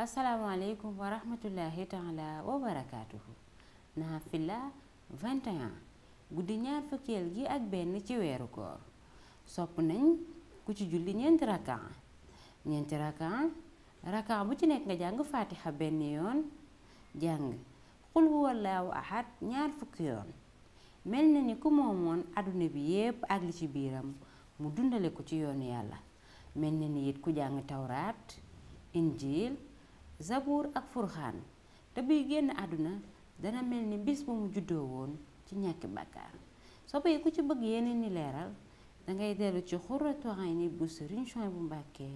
asalaamaaleykum wa rahmatullahi taala wa barakaatuhu naafila 21 guddi ñaar fukkeel gi ak benn ci weeru koor sopp nañ ku ci julli ñeenti rakaa ñeenti rakaa rakaa bu ci nekk nga jàng faatixa benn yoon jàng xul huwallaahu ahad ñaar fukki yoon mel na ni ku moomoon àdduna bi yépp ak li ci biiram mu dundale ko ci yoon yàlla mel na ni it ku jàng tawraat injiil zabuur ak furxaan te buy génn àdduna dana mel ni bis bu mu juddoo woon ci ñàkki bàkkaar sopp ku ci bëgg yeneen ni leeral dangay dellu ci Xurratu Ayni bu Sëriñ Suwaybu bu Mbàkke